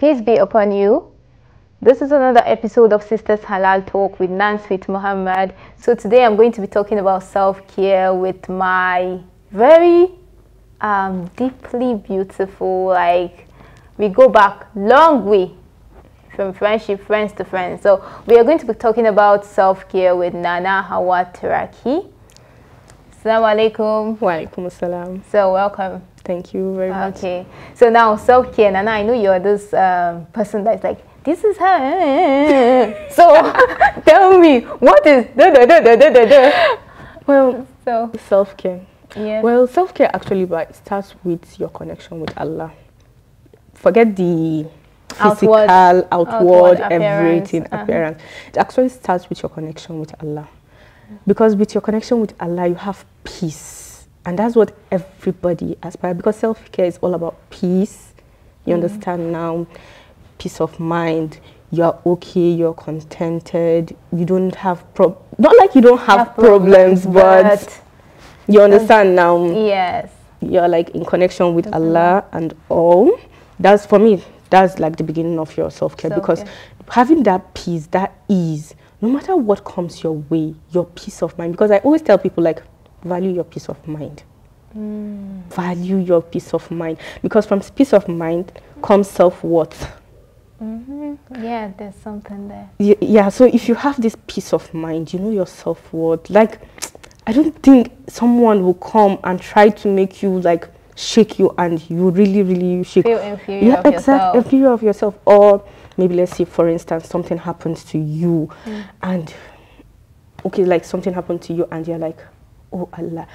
Peace be upon you. This is another episode of Sisters Halal Talk with Nansweet Muhammad. So today I'm going to be talking about self-care with my very um, deeply beautiful, like we go back long way from friendship, friends to friends. So we are going to be talking about self-care with Nana Hawa Taraki. Assalamu alaikum. Wa alaikum assalam. So welcome. Thank you very okay. much. Okay. So now self care, Nana. I know you're this uh, person that's like, this is her. so tell me, what is da da da da da da Well, so self care. Yeah. Well, self care actually starts with your connection with Allah. Forget the physical, outward, outward appearance. everything, uh -huh. appearance. It actually starts with your connection with Allah. Because with your connection with Allah, you have peace and that's what everybody aspires because self care is all about peace. You mm. understand now? Peace of mind. You're okay, you're contented, you don't have prob. Not like you don't have, have problems, problems, but, you understand now. Yes. You're like in connection with Allah and all. That's for me, that's like the beginning of your self care self -care. because having that peace, that ease, no matter what comes your way, your peace of mind. Because I always tell people, like, value your peace of mind. Mm. Value your peace of mind. Because from peace of mind comes self-worth. Mm -hmm. Yeah, there's something there. Yeah, yeah, so if you have this peace of mind, you know your self worth. Like, I don't think someone will come and try to make you like shake you and you really, really shake. Feel inferior yeah, of exactly, yourself. inferior of yourself. Or maybe let's say, for instance, something happens to you, mm. and okay, like something happened to you, and you're like, oh Allah.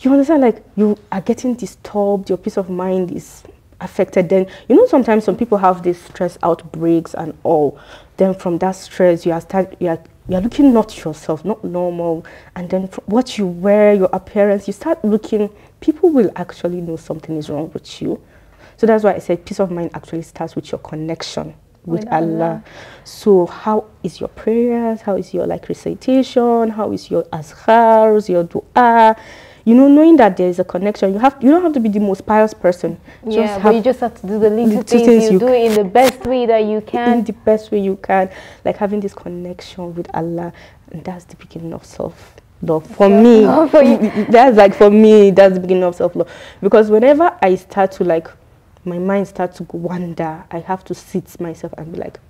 You understand, like you are getting disturbed, your peace of mind is affected. Then, you know, sometimes some people have these stress outbreaks and all. Then from that stress, you are, start, you are you're looking not yourself, not normal. And then what you wear, your appearance, you start looking, people will actually know something is wrong with you. So that's why I said peace of mind actually starts with your connection with, Allah. Allah. So how is your prayers? How is your like recitation? How is your azkars, your dua? You know, knowing that there is a connection, you have you don't have to be the most pious person. Just yeah, but you just have to do the little, things, things, you, you do in the best way that you can. In the best way you can, like having this connection with Allah, and that's the beginning of self love for yeah. me. for that's like for me, that's the beginning of self love because whenever I start to like my mind starts to wander. I have to sit myself and be like,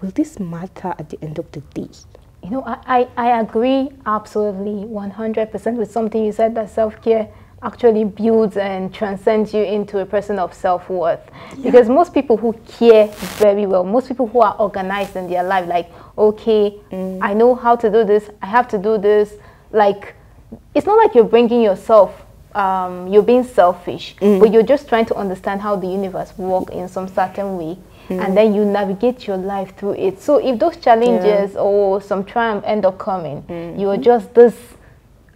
will this matter at the end of the day? You know, I, I agree absolutely 100% with something you said that self care actually builds and transcends you into a person of self worth. Yeah. Because most people who care very well, most people who are organized in their life, like, okay, mm. I know how to do this, I have to do this, like, it's not like you're bringing yourself um, you're being selfish, mm. but you're just trying to understand how the universe works in some certain way. Mm. And then you navigate your life through it. So if those challenges yeah. or some triumph end up coming, mm. you are just this,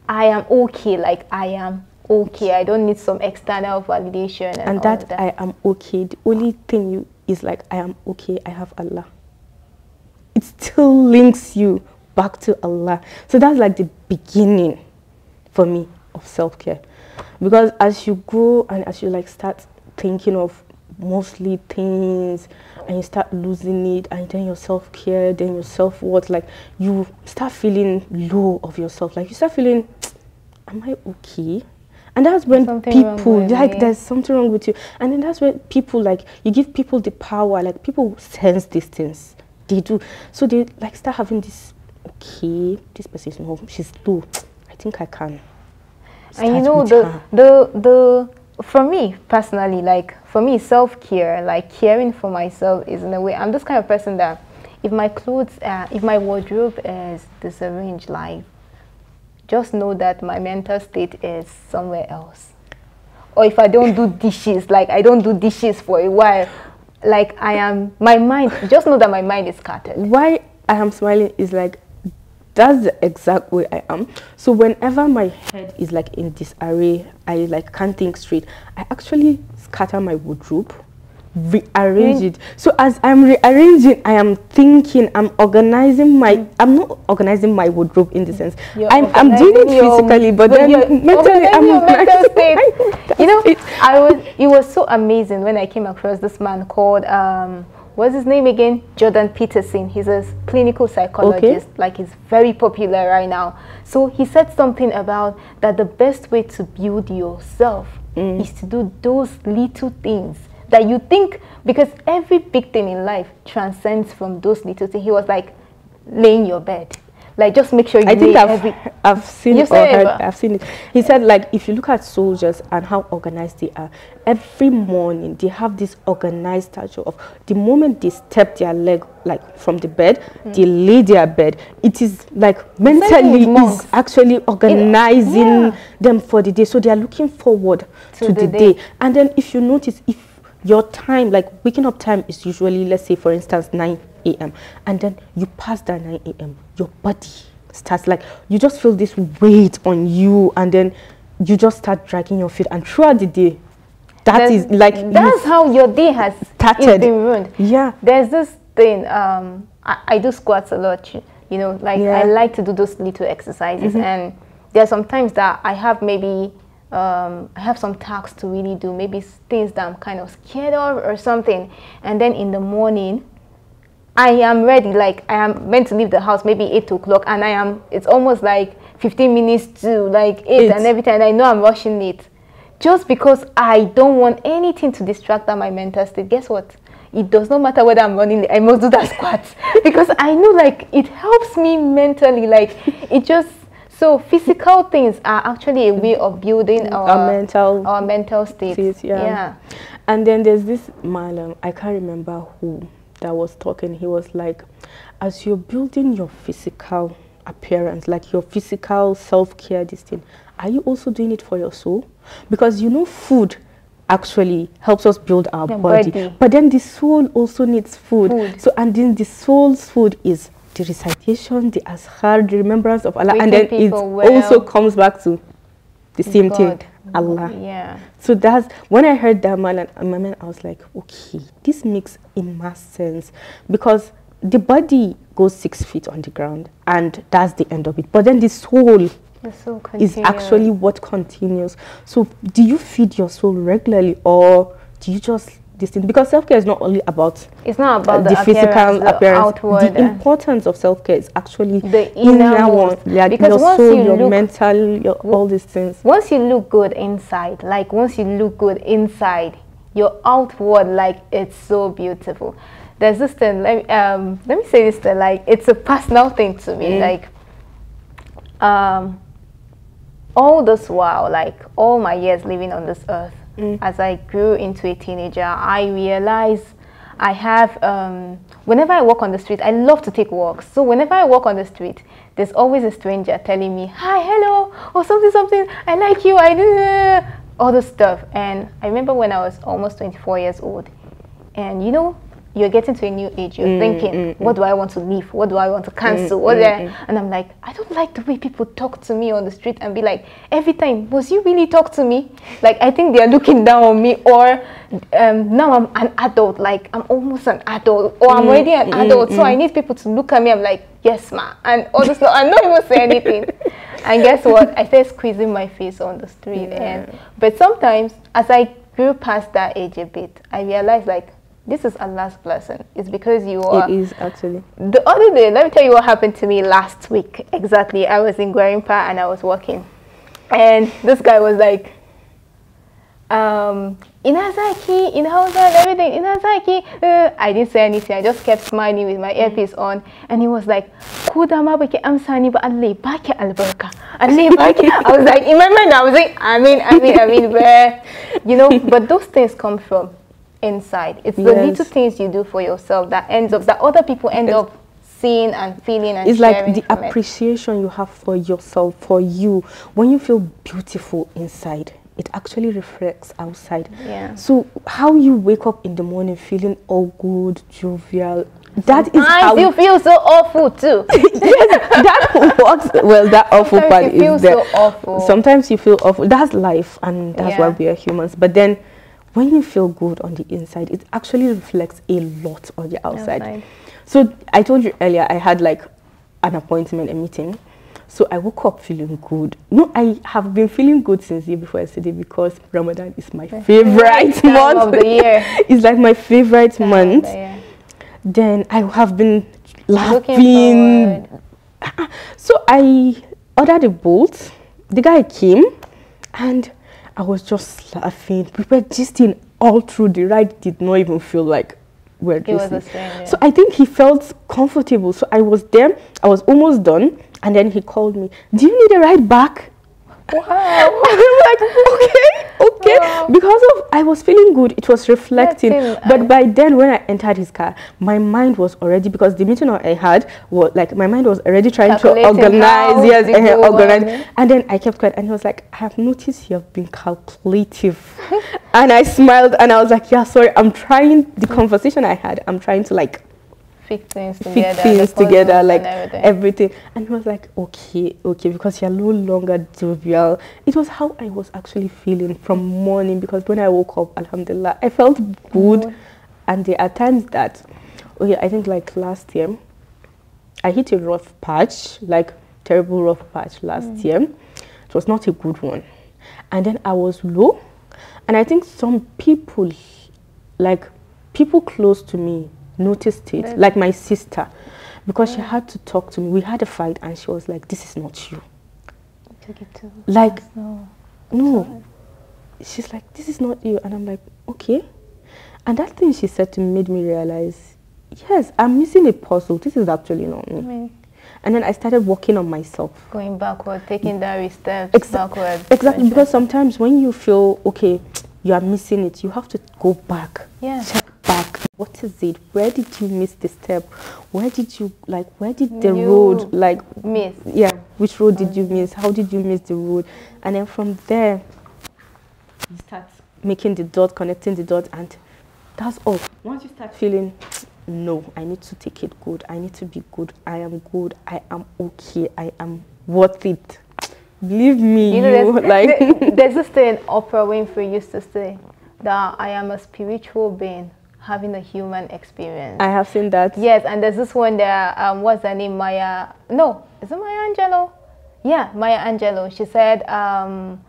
I am okay, like I am okay. I don't need some external validation. And, and that, that, I am okay. The only thing you is like I am okay. I have Allah. It still links you back to Allah. So that's like the beginning for me of self care because as you grow and as you like start thinking of mostly things and you start losing it and then your self-care then your self-worth like you start feeling low of yourself like you start feeling am i okay and that's when something people like me. there's something wrong with you and then that's when people like you give people the power like people sense these things they do so they like start having this okay this person is not she's low i think i can and you know the the the for me personally like for me self-care like caring for myself is in a way i'm this kind of person that if my clothes uh, if my wardrobe is disarranged like just know that my mental state is somewhere else or if i don't do dishes like i don't do dishes for a while like i am my mind just know that my mind is scattered why i am smiling is like that's the exact way I am. So whenever my head is like in disarray, I like can't think straight. I actually scatter my wardrobe, rearrange mm. it. So as I'm rearranging, I am thinking, I'm organizing my. Mm. I'm not organizing my wardrobe in the sense. I'm I'm doing it physically, but, then mentally I'm mental you know, I was. It was so amazing when I came across this man called. Um, what's his name again? Jordan Peterson. He's a clinical psychologist. Okay. Like he's very popular right now. So he said something about that the best way to build yourself mm. is to do those little things that you think because every big thing in life transcends from those little things. He was like laying your bed. Like, just make sure you. I think I've, I've seen you it or heard, I've seen it. He said, like, if you look at soldiers and how organized they are, every morning they have this organized schedule of the moment they step their leg like from the bed, mm. they lay their bed. It is like mentally is actually organizing yeah. them for the day, so they are looking forward to, to the, the day. day. And then if you notice, if your time, like waking up time, is usually let's say for instance nine a.m. and then you pass that 9 a.m. Your body starts like you just feel this weight on you, and then you just start dragging your feet. And throughout the day, that is like that's how your day has started. Been ruined. Yeah. There's this thing. Um, I, I do squats a lot. You know, like yeah. I like to do those little exercises, mm -hmm. and there are some times that I have maybe um, I have some tasks to really do, maybe things that I'm kind of scared of or something. And then in the morning, I am ready. Like I am meant to leave the house maybe eight o'clock, and I am. It's almost like fifteen minutes to like eight, eight. and everything. And I know I'm rushing it, just because I don't want anything to distract that my mental state. Guess what? It does not matter whether I'm running. I must do that squat because I know like it helps me mentally. Like it just so physical things are actually a way of building our, our mental our mental state. yeah. yeah. And then there's this Malam. Um, I can't remember who that was talking, he was like, as you're building your physical appearance, like your physical self-care, this thing, are you also doing it for your soul? Because you know food actually helps us build our body. body. But then the soul also needs food. food. So and then the soul's food is the recitation, the ashar, the remembrance of Allah. Waking and then it well. also comes back to the same God. thing. Allah. Yeah. So that's when I heard that amendment, I was like, okay, this makes immense sense because the body goes six feet on the ground and that's the end of it. But then the soul is actually what continues. So do you feed your soul regularly or do you just this thing because self care is not only about it's not about uh, the, the, physical the appearance. Outward, the uh, importance of self care is actually the inner, inner one. Yeah, because your once soul, you your look, mental, your, all these things. Once you look good inside, like once you look good inside, your outward like it's so beautiful. There's this thing. Let me, um, let me say this thing. Like it's a personal thing to me. Mm. Like um, all this while, like all my years living on this earth Mm. As I grew into a teenager, I realized I have, um, whenever I walk on the street, I love to take walks. So whenever I walk on the street, there's always a stranger telling me, hi, hello, or something, something, I like you, I do, all this stuff. And I remember when I was almost 24 years old, and you know, you're getting to a new age. You're mm, thinking, mm, mm. what do I want to leave? What do I want to mm, cancel? Mm, what And I'm like, I don't like the way people talk to me on the street and be like, every time, was you really talk to me? Like, I think they're looking down on me, or um, now I'm an adult. Like, I'm almost an adult, or I'm already an adult. So I need people to look at me. I'm like, yes, ma, and all this. I'm not even saying anything. and guess what? I started squeezing my face on the street. Yeah. And but sometimes, as I grew past that age a bit, I realized like this is Allah's blessing. It's because you are. It is actually. The other day, let me tell you what happened to me last week. Exactly, I was in Guarimpa and I was walking, and this guy was like, um, Inazaki, and everything, Inazaki. Uh, I didn't say anything. I just kept smiling with my earpiece mm. on, and he was like, Kudama baki amsani ba Allah baki albarka. Allah baki. I was like, in my mind, I was like, I mean, I mean, I mean, where, you know? But those things come from inside. It's yes. the little things you do for yourself that ends up that other people end up seeing and feeling and it's like the appreciation it. you have for yourself for you when you feel beautiful inside it actually reflects outside yeah so how you wake up in the morning feeling all good jovial that Sometimes is how you feel so awful too. yes, that works. Well, that awful Sometimes part is there. So Sometimes you feel awful. That's life, and that's yeah. why we are humans. But then when you feel good on the inside, it actually reflects a lot on the outside. So I told you earlier, I had like an appointment, a meeting. So I woke up feeling good. No, I have been feeling good since year before yesterday because Ramadan is my favorite, favorite month of the year. it's like my favorite time month. The then I have been laughing. So I ordered a bolt. The guy came and I was just laughing. We were gisting all through the ride. Did not even feel like we're gisting. Yeah. So I think he felt comfortable. So I was there. I was almost done, and then he called me. Do you need a ride back? wow like okay okay wow. because of i was feeling good it was reflecting but I by then when i entered his car my mind was already because the meeting i had was like my mind was already trying to organize yes and uh, organize and then i kept quiet and he was like i have noticed you have been calculative and i smiled and i was like yeah sorry i'm trying the conversation i had i'm trying to like pick things together, pick things together, like and everything. everything. And he was like, okay, okay, because you're no longer jovial. It was how I was actually feeling from morning because when I woke up, alhamdulillah, I felt good. Mm. And there are times that, okay, I think like last year, I hit a rough patch, like terrible rough patch last mm. year. It was not a good one. And then I was low. And I think some people, like people close to me, noticed it, like my sister, because she had to talk to me. We had a fight and she was like, this is not you. took it too like, no. no. She's like, this is not you. And I'm like, okay. And that thing she said to me made me realize, yes, I'm missing a puzzle. This is actually not me. And then I started working on myself. Going backward, taking that mm. step Exa backward. Exactly, because sometimes when you feel, okay, you are missing it, you have to go back. Yeah. Check what is it? Where did you miss the step? Where did you like? Where did the you road like miss? Yeah, which road did you miss? How did you miss the road? And then from there, you start making the dot, connecting the dot, and that's all. Once you start feeling, no, I need to take it good. I need to be good. I am good. I am okay. I am worth it. Believe me, you know, you, there's, like there's this thing Oprah Winfrey used to say that I am a spiritual being having a human experience. I have seen that. Yes, and there's this one there, um, what's her name, Maya, no, is it Maya Angelou? Yeah, Maya Angelou. She said, um,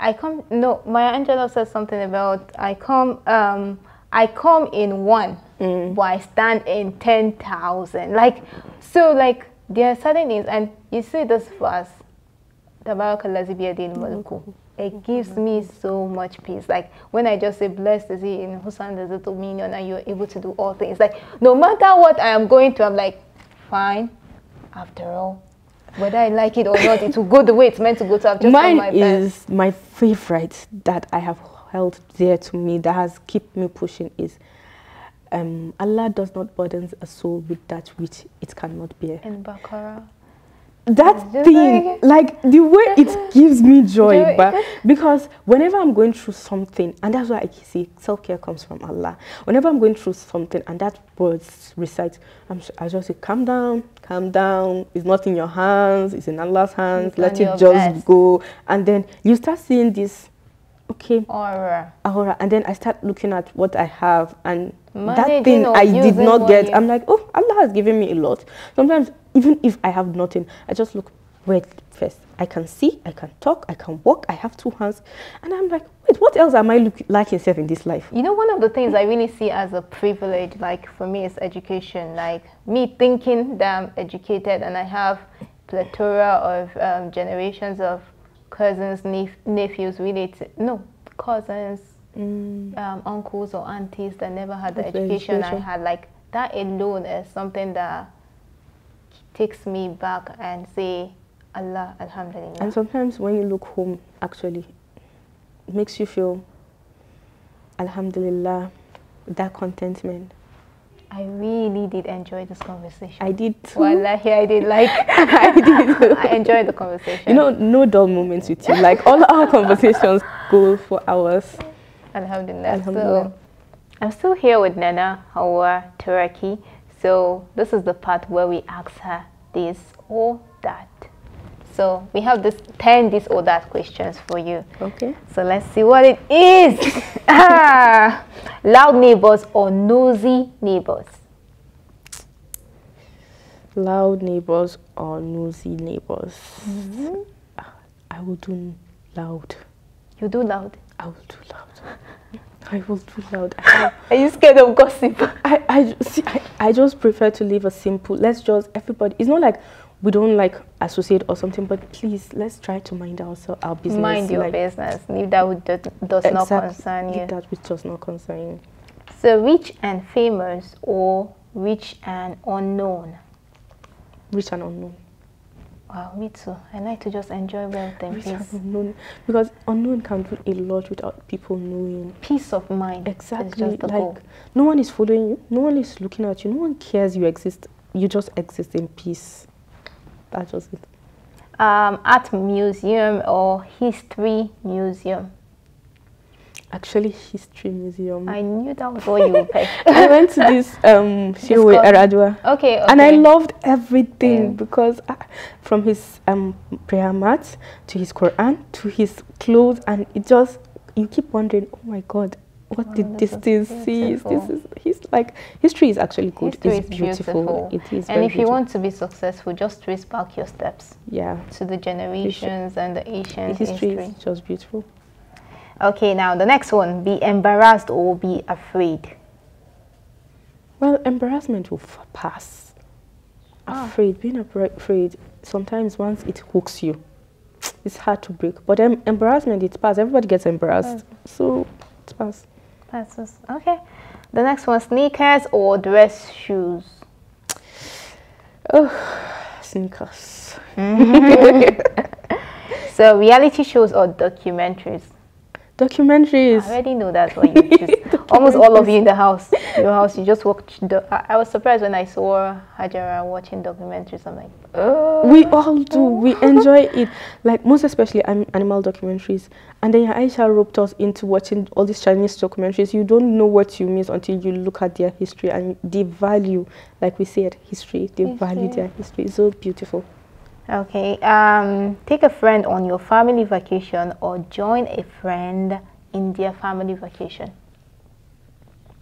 I come, no, Maya Angelou said something about, I come, um, I come in one, mm. but I stand in 10,000. Like, so like, there are certain things, and you see this verse, Tabaraka lazi biyadil malaku it gives me so much peace. Like when I just say, blessed is he in whose hand is the dominion and you're able to do all things. Like no matter what I am going through, I'm like, fine, after all. Whether I like it or not, it will go the way it's meant to go. to. I've just Mine my is my favorite that I have held dear to me that has kept me pushing is um, Allah does not burden a soul with that which it cannot bear. In Baqarah that thing like, like, the way it gives me joy but because whenever i'm going through something and that's why i see self-care comes from allah whenever i'm going through something and that words recite I'm, i just say calm down calm down it's not in your hands it's in allah's hands let it just best. go and then you start seeing this okay. All right. All right. And then I start looking at what I have and Managing that thing I did not get. I'm like, oh, Allah has given me a lot. Sometimes even if I have nothing, I just look, wait first. I can see, I can talk, I can walk, I have two hands. And I'm like, wait, what else am I like yourself in this life? You know, one of the things I really see as a privilege, like for me, is education. Like me thinking that I'm educated and I have plethora of um, generations of cousins, nep- nephews, relatives, no, cousins, mm. um, uncles or aunties that never had the education, education I had. Like that alone is something that takes me back and say, Allah, Alhamdulillah. And sometimes when you look home, actually, it makes you feel, Alhamdulillah, that contentment. I really did enjoy this conversation. I did too. Wallahi, I did like. I did. I enjoyed the conversation. You know, no dull moments with you. Like all our conversations go for hours. Alhamdulillah. Alhamdulillah. So, I'm still here with Nana Hawa Turaki. So this is the part where we ask her this or that. So we have this 10 this questions for you. Okay. So let's see what it is. ah, loud neighbors or nosy neighbors? Loud neighbors or nosy neighbors? Mm -hmm. I will do loud. You do loud? I will do loud. I will do loud. Ah. Are you scared of gossip? I, I, see, I, I just prefer to live a simple, let's just, everybody, it's not like we don't like associate or something, but please let's try to mind ourselves, our business. Mind your like, business. If that does, does exactly, not concern you. that which does not concern you. So rich and famous or rich and unknown? Rich and unknown. Wow, me too. I like to just enjoy wealth and rich peace. And unknown, because unknown can do a lot without people knowing. Peace of mind. Exactly. like goal. no one is following you. No one is looking at you. No one cares you exist. You just exist in peace. That was it. Um, art museum or history museum? Actually, history museum. I knew that was what you would pick. I went to this um, Shiwe Aradua. Okay, okay, And I loved everything yeah. because I, uh, from his um, prayer mat to his Quran to his clothes, and it just you keep wondering, oh my God, what the distance did this This is his like history is actually good. History it's is beautiful. beautiful. It is. And if you want to be successful, just trace back your steps. Yeah. To the generations and the ancient the history. History is just beautiful. Okay, now the next one: be embarrassed or be afraid. Well, embarrassment will pass. Ah. Afraid, being afraid, sometimes once it hooks you, it's hard to break. But embarrassment, it's passes. Everybody gets embarrassed. Mm. So it's passes. That's just, okay. The next one, sneakers or dress shoes? Oh, sneakers. so reality shows or documentaries? Documentaries. I already know that. what you almost all of you in the house, your house, you just watched. I, I, was surprised when I saw Hajara watching documentaries. I'm like, oh. We all do. we enjoy it. Like, most especially um, animal documentaries. And then Aisha roped us into watching all these Chinese documentaries. You don't know what you miss until you look at their history and the value, like we said, history. They history. value their history. It's so beautiful. Okay, um, take a friend on your family vacation or join a friend in their family vacation.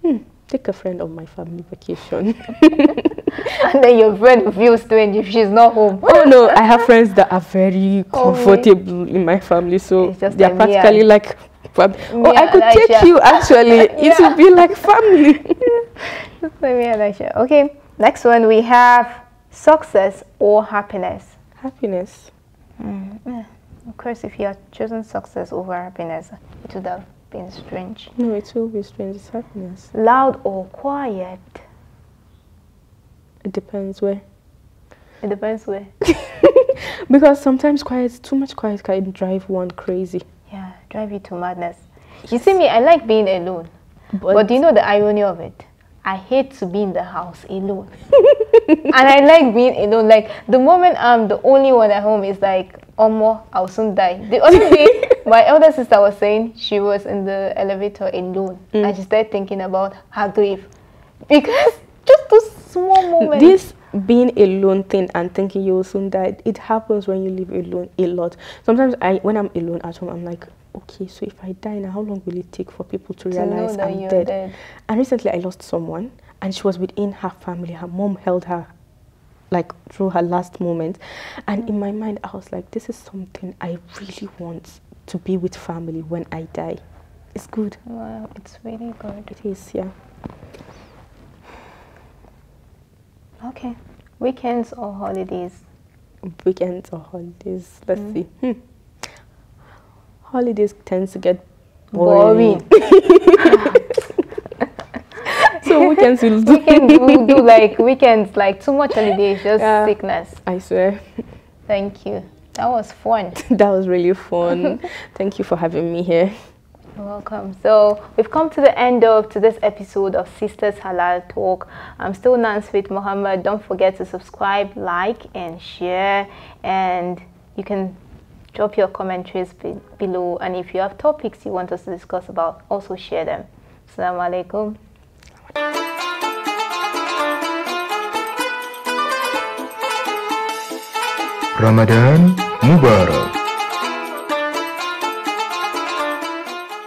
Hmm. Take a friend on my family vacation. and then your friend feels strange if she's not home. oh no, I have friends that are very oh, comfortable in my family, so they are practically like. Fam- oh, I could Aisha. take you actually. yeah. It would be like family. just like me and Aisha. Okay, next one we have success or happiness. Happiness. Mm. Of course, if you had chosen success over happiness, it would have been strange. No, it will be strange. It's happiness. Loud or quiet? It depends where. It depends where. because sometimes quiet, too much quiet can drive one crazy. Yeah, drive you to madness. You see me, I like being alone. But, but do you know the irony of it? I hate to be in the house alone. and I like being alone. Like the moment I'm the only one at home is like Omo, I'll soon die. The other day, my elder sister was saying she was in the elevator alone mm. and she started thinking about her grief. Because just those small moments. This being alone thing and thinking you'll soon die, it happens when you live alone a lot. Sometimes I when I'm alone at home, I'm like, okay, so if I die now, how long will it take for people to, to realize I'm dead? dead? And recently I lost someone and she was within her family. Her mom held her like through her last moment. And mm. in my mind, I was like, this is something I really want to be with family when I die. It's good. Wow, it's really good. It is, yeah. Okay. Weekends or holidays? Weekends or holidays. Let's mm. see. Hmm holidays tends to get boring. boring. so weekends we'll do. will do like weekends, like too much holidays, just yeah, sickness. I swear. Thank you. That was fun. that was really fun. Thank you for having me here. You're welcome. So we've come to the end of today's episode of Sisters Halal Talk. I'm still Nance with Mohammed. Don't forget to subscribe, like, and share. And you can drop your commentaries be below and if you have topics you want us to discuss about also share them assalamu alaikum ramadan mubarak